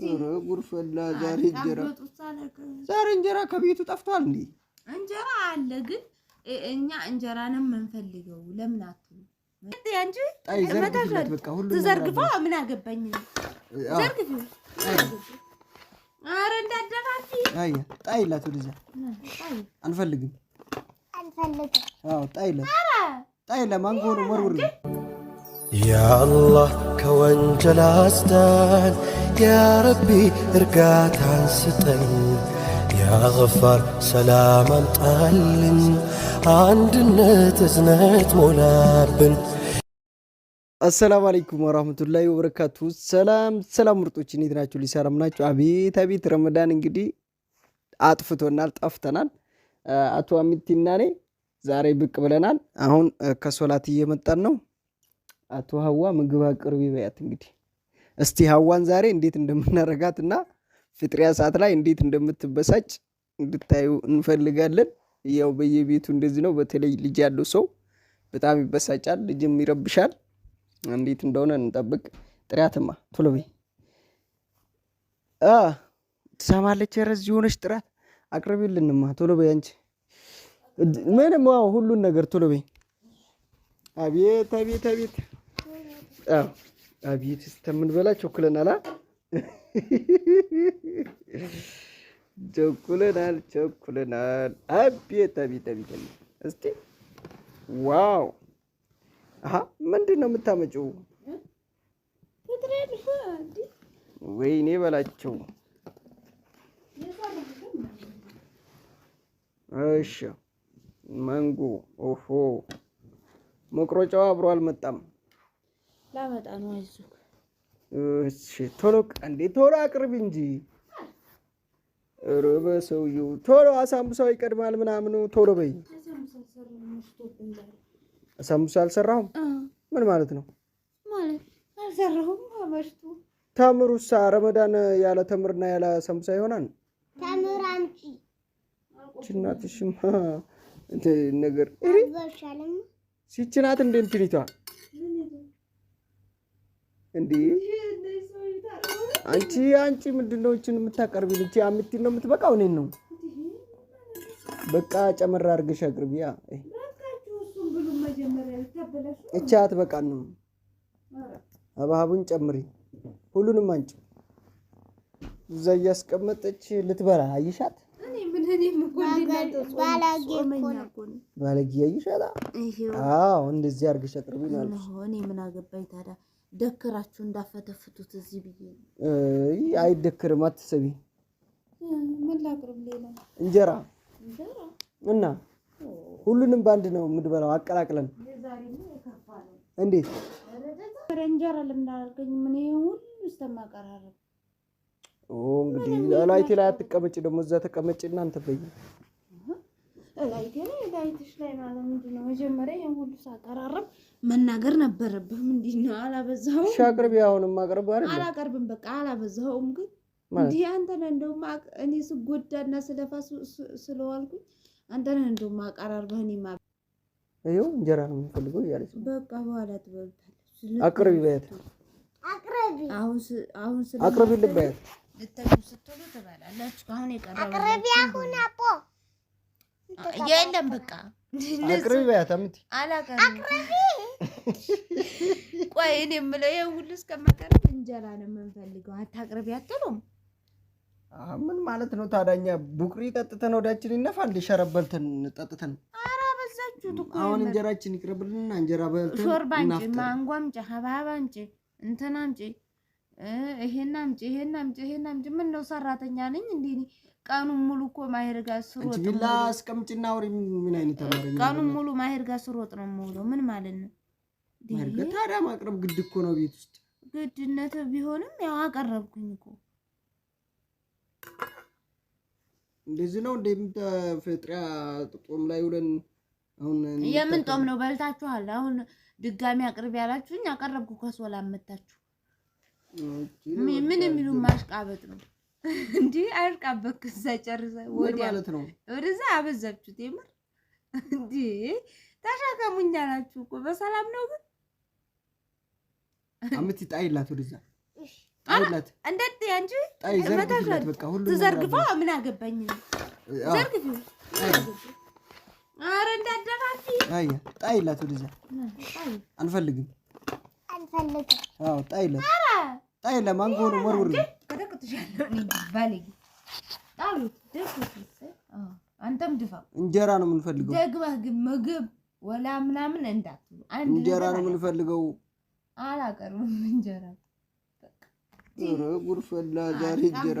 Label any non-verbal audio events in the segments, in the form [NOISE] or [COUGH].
እንጀራ ኧረ ዛሬ እንጀራ ዛሬ እንጀራ ከቤቱ ጠፍቷል እንዴ? እንጀራ አለ ግን እኛ እንጀራ ነው የምንፈልገው። ለምን አትሉ እንጂ ትዘርግፈው ምን አገባኝ? ኧረ እንዳደባፊ ጣይላት፣ ወደዚያ አንፈልግም፣ አንፈልግም። ጣይላት፣ ጣይላት። ማንጎ ነው ወርውር። ያ ከወንጀል አስዳን ያረቢ እርጋታን ስጠን ያገፋር ሰላም አምጣልን አንድነት እዝነት ሞላብን። አሰላሙ አለይኩም ወራህመቱላሂ ወበረካቱ። ሰላም ሰላም ምርጦች እንዴት ናችሁ? ሊሰላም ናችሁ? አቤት አቤት ረመዳን እንግዲህ አጥፍቶናል፣ ጠፍተናል። አቶ አሚቲና እኔ ዛሬ ብቅ ብለናል። አሁን ከሶላት እየመጣን ነው አቶ ሀዋ ምግብ አቅርቢ በያት። እንግዲህ እስቲ ሀዋን ዛሬ እንዴት እንደምናረጋት እና ፍጥሪያ ሰዓት ላይ እንዴት እንደምትበሳጭ እንድታዩ እንፈልጋለን። ያው በየቤቱ እንደዚህ ነው። በተለይ ልጅ ያለው ሰው በጣም ይበሳጫል፣ ልጅም ይረብሻል። እንዴት እንደሆነ እንጠብቅ። ጥሪያትማ ቶሎ በይ ትሰማለች። ኧረ ሆነች ጥራት አቅርቢልንማ ቶሎ በይ አንቺ ምንም ሁሉን ነገር ቶሎ በይ። አቤት አቤት አቤት አቤት እስከምንበላ ቸኩለናል፣ ቸኩለናል፣ ቸኩለናል። አቤት አቤት አቤት አቤት! እስቲ ዋው! አሀ ምንድን ነው የምታመጪው? ወይኔ በላቸው። እሺ መንጎ ኦሆ መቁረጫው አብሮ አልመጣም። ላመጣ ነው። አይዞህ እሺ፣ ቶሎ እንዴ፣ ቶሎ አቅርብ እንጂ ኧረ በሰውዬው ቶሎ አሳምቡሳው ይቀድማል ምናምኑ፣ ቶሎ በይ። አሳምቡሳ አልሰራሁም ምን ማለት ነው? ማለት አልሰራሁም ተምሩሳ ረመዳን ያለ ተምርና ያለ አሳምቡሳ ይሆናል? ተምር አምጪ ችናትሽማ ነገር ሲችናት እንደ እንትኒቷ እንዴ አንቺ አንቺ ምንድን ነው እችን የምታቀርቢው? ልጅ አምቲ ነው የምትበቃው። እኔን ነው በቃ ጨመራ አድርገሽ አቅርቢያ። እቻ አትበቃን ነው ሀብሀቡን ጨምሪ፣ ሁሉንም አንቺ እዛ እያስቀመጠች ልትበላ አይሻት ባለጌ አይሻት። አዎ እንደዚህ አድርገሽ አቅርቢ ነው። እኔ ምን አገባኝ ታዲያ ደክራችሁ እንዳፈተፍቱት እዚህ ብዬ አይደክርም። አትሰቢ ምን ላቅርብ? ሌላ እንጀራ እና ሁሉንም በአንድ ነው የምትበላው አቀላቅለን። እንዴት እንጀራ ለምን አላልከኝም? ምን ሁሉ እስከማቀራረብ እንግዲህ ላይቴ ላይ አትቀመጭ፣ ደግሞ እዛ ተቀመጭ እናንተ በይ እላይቴ ላይ እላይትሽ ላይ ማለት ምንድን ነው? መጀመሪያ ይሄን ሁሉ ሳቀራረብ መናገር ነበረብህ። ምንድን ነው አላበዛኸውም? እሺ አቅርቢ። አሁንም አቅርብ አይደል? አላቀርብም። በቃ አላበዛኸውም። ግን እንዲህ አንተ ነህ እንደውም እኔ ስጎዳና ስለፋ ስለዋልኩኝ አንተ ነህ እንደውም አቀራርበህ እኔ ማ ይኸው እንጀራ ነው የምንፈልገው እያለች በቃ በኋላ ትበልታለች። አቅርቢ በያት። አቅርቢ አሁን አሁን አቅርቢ ልበያት። ልትተኙ ስትሉ ትበላላችሁ። አሁን የቀረበ አቅርቢ አሁን አቦ የለም በቃ አቅርቢ አምቲ አቅርቢ። [LAUGHS] ቆይ እኔ የምለው ይሄ ሁሉ እስከማቀርብ እንጀራ ነው የምንፈልገው። አታቅርቢ አትሉም? ምን ማለት ነው ታዳኛ? ቡቅሪ ጠጥተን ወዳችን ይነፋል። ሸረበልተን ጠጥተን ኧረ በዛችሁት እኮ አሁን እንጀራችን ይቅርብልንና እንጀራ በልተን ሾርባ እንጂ ማንጓ አምጪ፣ ሀባብ አምጪ፣ እንትን አምጪ ይሄን አምጪ ይሄን አምጪ ይሄን አምጪ። ምን ነው ሰራተኛ ነኝ እንዴ? ቀኑን ሙሉ እኮ ማሄድ ጋር ስሮጥ ነው። ቢላ አስቀምጪና ወሬ ምን አይነት ተማሪ ነው? ቀኑን ሙሉ ማሄድ ጋር ስሮጥ ነው የምውለው። ምን ማለት ነው? ታዲያ ማቅረብ ግድ እኮ ነው። ቤት ውስጥ ግድነት ቢሆንም ያው አቀረብኩኝ እኮ። እንደዚህ ነው እንደምትፈጥሪያ ጦም ላይ ውለን አሁን የምን ጦም ነው በልታችኋል። አሁን ድጋሚ አቅርቢ ያላችሁኝ አቀረብኩ ከሶላ አመታችሁ ምን የሚሉ ማሽቃበጥ ነው እንዴ? አሽቃበጥክ እዛ ጨርሰህ ነው። ወደዛ አበዛችሁት። የምር እንዴ ተሻከሙኝ አላችሁ እኮ በሰላም ነው ግን አምቲ ጣይላት ወደዛ ጣይላት እንደት ያንቺ ሁሉ ዘርግፋ ምን አገባኝ ዘርግፊ አረ እንዳደፋፊ አይ ጣይላት ወደዛ አንፈልግም ጣይለ ማንጎ ነው መርውር ነው። አንተም ድፋ እንጀራ ነው የምንፈልገው። ደግመህ ግን ምግብ ወላ ምናምን እንዳትሉ። እንጀራ ነው የምንፈልገው። አላቀርብም እንጀራ ጉር ፈላ። ዛሬ እንጀራ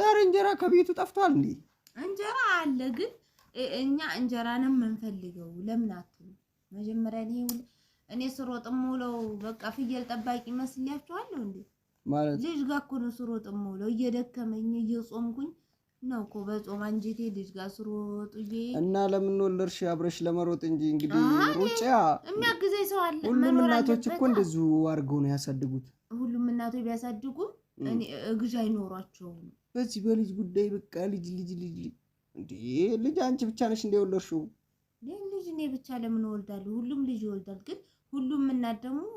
ዛሬ እንጀራ ከቤቱ ጠፍቷል እንዴ? እንጀራ አለ ግን እኛ እንጀራንም የምንፈልገው ለምን አትሉ መጀመሪያ እኔ ስሮጥ የምውለው በቃ ፍየል ጠባቂ መስያችኋለሁ እንዴ? ማለት ልጅ ጋር እኮ ነው ስሮጥ የምውለው እየደከመኝ እየጾምኩኝ ነው እኮ በጾም አንጀቴ ልጅ ጋር ስሮጥ እና ለምን ወለድሽ? አብረሽ ለመሮጥ እንጂ እንግዲህ ሩጫ የሚያግዘኝ ሰው አለ። ሁሉም እናቶች እኮ እንደዚሁ አድርገው ነው ያሳድጉት። ሁሉም እናቶች ቢያሳድጉ እግዥ አይኖሯቸውም። በዚህ በልጅ ጉዳይ በቃ ልጅ ልጅ ልጅ እንዴ ልጅ አንቺ ብቻ ነሽ እንደ ወለድሽው? ልጅ እኔ ብቻ ለምን ወልዳለሁ? ሁሉም ልጅ ይወልዳል ግን ሁሉም እና ደግሞ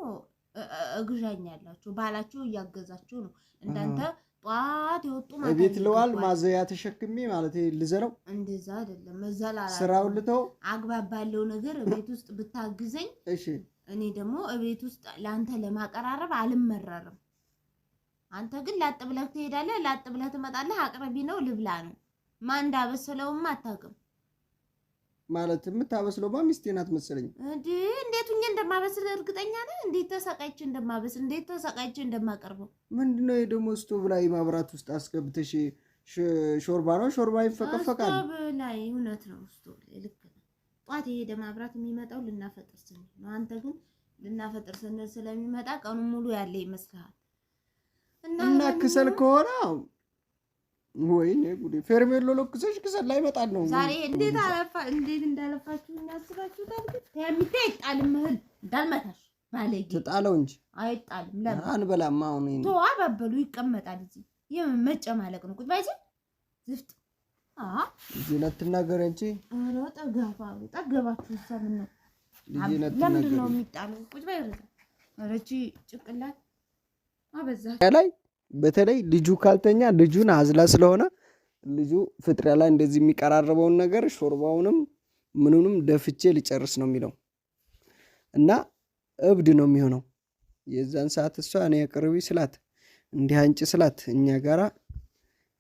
እግዣኝ ያላቸው ባላቸው እያገዛችሁ ነው። እንዳንተ ጧት የወጡ ቤት ለዋል ማዘያ ተሸክሜ ማለት ልዘረው እንደዛ አይደለም። መዘላላ ስራውን ልተው አግባብ ባለው ነገር ቤት ውስጥ ብታግዘኝ እሺ። እኔ ደግሞ ቤት ውስጥ ለአንተ ለማቀራረብ አልመረርም። አንተ ግን ላጥ ብለህ ትሄዳለህ፣ ላጥ ብለህ ትመጣለህ። አቅርቢ ነው ልብላ ነው ማን እንዳበሰለውም አታውቅም። ማለት የምታበስለው ሚስቴ ናት መሰለኝ። እንዴት ሁኜ እንደማበስል እርግጠኛ ነህ? እንዴት ተሰቃይች እንደማበስል፣ እንዴት ተሰቃይች እንደማቀርበው። ምንድነው የደሞ ስቶቭ ላይ ማብራት ውስጥ አስገብተሽ ሾርባ ነው ሾርባ ይፈቀፈቃል። ስቶቭ ላይ እውነት ነው፣ ስቶቭ ላይ ልክ ነው። ጧት የሄደ ማብራት የሚመጣው ልናፈጥር ስንል ነው። አንተ ግን ልናፈጥር ስንል ስለሚመጣ ቀኑ ሙሉ ያለ ይመስልሃል እና ክሰል ከሆነ ወይኔ ጉዴ! ፌርሜሎ ለክሰሽ ክሰል ላይ መጣል ነው ዛሬ። እንዴት አለፋ እንዴት እንዳለፋችሁ እናስባችሁታል። የሚታይ አይጣልም፣ እህል እንዳልመታሽ ባለጌ። ተጣለው እንጂ አይጣልም። ለምን አንበላማ? አሁን ይሄን ተው፣ አባበሉ ይቀመጣል። እዚህ የመጨማለቅ ነው። ቁጭ ባይዚ ዝፍት አአ እዚህ ለትናገር እንጂ አረ ጠገባ ጠገባችሁ። ሰምን ነው ለምንድን ነው የሚጣለው? ቁጭ ባይረዛ ረቺ ጭቅላት አበዛ ላይ በተለይ ልጁ ካልተኛ ልጁን አዝላ ስለሆነ ልጁ ፍጥሪያ ላይ እንደዚህ የሚቀራረበውን ነገር ሾርባውንም ምኑንም ደፍቼ ሊጨርስ ነው የሚለው እና እብድ ነው የሚሆነው። የዛን ሰዓት እሷ እኔ አቅርቢ ስላት እንዲህ አንጭ ስላት እኛ ጋራ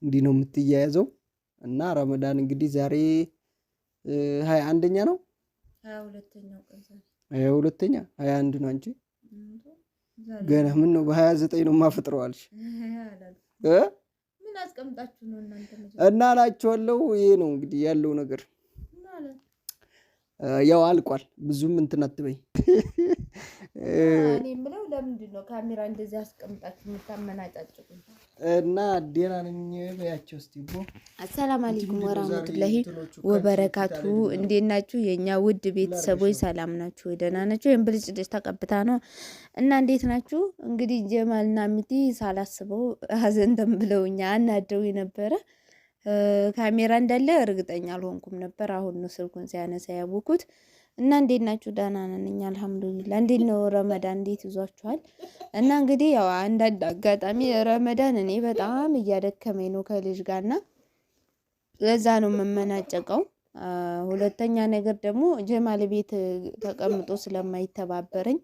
እንዲህ ነው የምትያያዘው። እና ረመዳን እንግዲህ ዛሬ ሀያ አንደኛ ነው ሁለተኛ ሀያ አንድ ነው አንቺ ገና ምን ነው በሀያ ዘጠኝ ነው [LAUGHS] እ እና እላችኋለሁ። ይሄ ነው እንግዲህ ያለው ነገር ያው አልቋል። ብዙም እንትን አትበይ። [LAUGHS] እኔ የምለው ለምንድን ነው ካሜራ እንደዚህ አስቀምጣችሁ የምታመናጫጭቁኝ? እና ደህና ነኝ በያቸው እስቲ አለይኩም ወራህመቱላሂ ወበረካቱ። እንዴት ናችሁ የእኛ ውድ ቤተሰቦች? ሰላም ናችሁ? ደህና ናችሁ? ወይም ብልጭ ልጭ ተቀብታ ነው እና እንዴት ናችሁ? እንግዲህ ጀማልና ሚቲ ሳላስበው አዘንተን ብለውኛ አናደው የነበረ ካሜራ እንዳለ እርግጠኛ አልሆንኩም ነበር። አሁን ነው ስልኩን ሲያነሳ ያወኩት። እና እንዴት ናችሁ? ደህና ነን እኛ አልሐምዱሊላ። እንዴት ነው ረመዳን እንዴት ይዟችኋል? እና እንግዲህ ያው አንዳንድ አጋጣሚ ረመዳን እኔ በጣም እያደከመኝ ነው ከልጅ ጋር እና ለዛ ነው የምመናጨቀው። ሁለተኛ ነገር ደግሞ ጀማል ቤት ተቀምጦ ስለማይተባበረኝ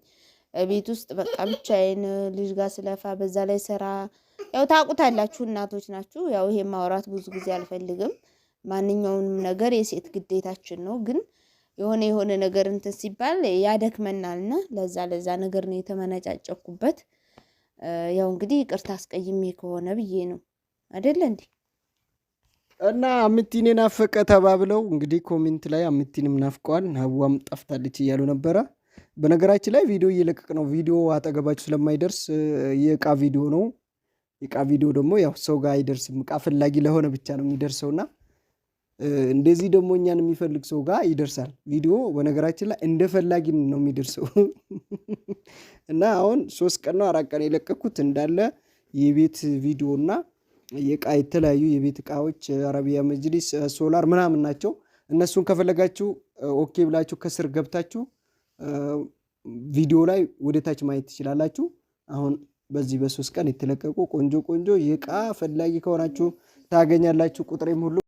ቤት ውስጥ በቃ ብቻዬን ልጅ ጋር ስለፋ፣ በዛ ላይ ስራ ያው ታውቁታላችሁ፣ እናቶች ናችሁ። ያው ይሄ ማውራት ብዙ ጊዜ አልፈልግም። ማንኛውንም ነገር የሴት ግዴታችን ነው ግን የሆነ የሆነ ነገር እንትን ሲባል ያደክመናል እና ለዛ ለዛ ነገር ነው የተመነጫጨኩበት። ያው እንግዲህ ይቅርታ አስቀይሜ ከሆነ ብዬ ነው አደለ እንዴ? እና አምቲኔ ናፈቀ ተባብለው እንግዲህ ኮሜንት ላይ አምቲንም ናፍቀዋል፣ ሀዋም ጠፍታለች እያሉ ነበረ። በነገራችን ላይ ቪዲዮ እየለቀቅ ነው። ቪዲዮ አጠገባችሁ ስለማይደርስ የእቃ ቪዲዮ ነው። የእቃ ቪዲዮ ደግሞ ያው ሰው ጋር አይደርስም። እቃ ፈላጊ ለሆነ ብቻ ነው የሚደርሰውና እንደዚህ ደግሞ እኛን የሚፈልግ ሰው ጋር ይደርሳል። ቪዲዮ በነገራችን ላይ እንደ ፈላጊ ነው የሚደርሰው እና አሁን ሶስት ቀን ነው አራት ቀን የለቀኩት እንዳለ የቤት ቪዲዮ እና የቃ የተለያዩ የቤት እቃዎች አረቢያ መጅሊስ፣ ሶላር ምናምን ናቸው። እነሱን ከፈለጋችሁ ኦኬ ብላችሁ ከስር ገብታችሁ ቪዲዮ ላይ ወደታች ማየት ትችላላችሁ። አሁን በዚህ በሶስት ቀን የተለቀቁ ቆንጆ ቆንጆ የቃ ፈላጊ ከሆናችሁ ታገኛላችሁ። ቁጥሬም ሁሉ